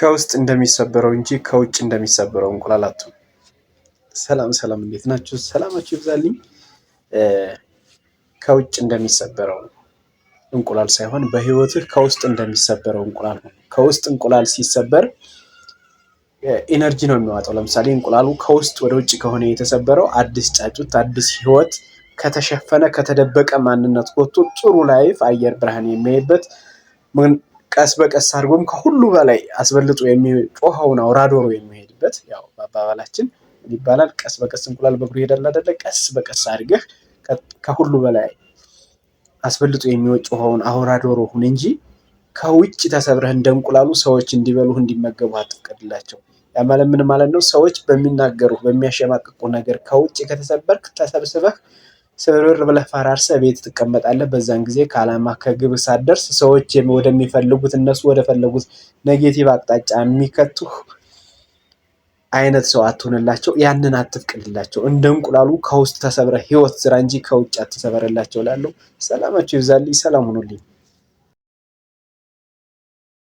ከውስጥ እንደሚሰበረው እንጂ ከውጭ እንደሚሰበረው እንቁላል ሰላም ሰላም፣ እንዴት ናችሁ? ሰላማችሁ ይብዛልኝ። ከውጭ እንደሚሰበረው እንቁላል ሳይሆን በህይወትህ ከውስጥ እንደሚሰበረው እንቁላል ነው። ከውስጥ እንቁላል ሲሰበር ኢነርጂ ነው የሚዋጠው። ለምሳሌ እንቁላሉ ከውስጥ ወደ ውጭ ከሆነ የተሰበረው አዲስ ጫጩት፣ አዲስ ህይወት ከተሸፈነ ከተደበቀ ማንነት ወጥቶ ጥሩ ላይፍ አየር ብርሃን የሚያይበት ቀስ በቀስ አድርጎም ከሁሉ በላይ አስበልጦ የሚጮኸውን አውራ ዶሮ የሚሄድበት ያው በአባባላችን ይባላል። ቀስ በቀስ እንቁላል በእግሩ ይሄዳል አይደለ? ቀስ በቀስ አድርገህ ከሁሉ በላይ አስበልጦ የሚጮኸውን አውራ ዶሮ ሁን እንጂ ከውጭ ተሰብረህ እንደ እንቁላሉ ሰዎች እንዲበሉህ እንዲመገቡ አትፍቀድላቸው። ያ ማለት ምን ማለት ነው? ሰዎች በሚናገሩ በሚያሸማቅቁ ነገር ከውጭ ከተሰበርክ ተሰብስበህ ስብርብር ብለህ ፈራርሰ ቤት ትቀመጣለህ። በዛን ጊዜ ከዓላማ ከግብ ሳትደርስ ሰዎች ወደሚፈልጉት እነሱ ወደፈለጉት ኔጌቲቭ አቅጣጫ የሚከቱህ አይነት ሰው አትሆንላቸው። ያንን አትፍቅድላቸው። እንደ እንቁላሉ ከውስጥ ተሰብረ ህይወት ስራ እንጂ ከውጭ አትሰበረላቸው። ላለው ሰላማቸው ይብዛልኝ። ሰላም ሁኑልኝ።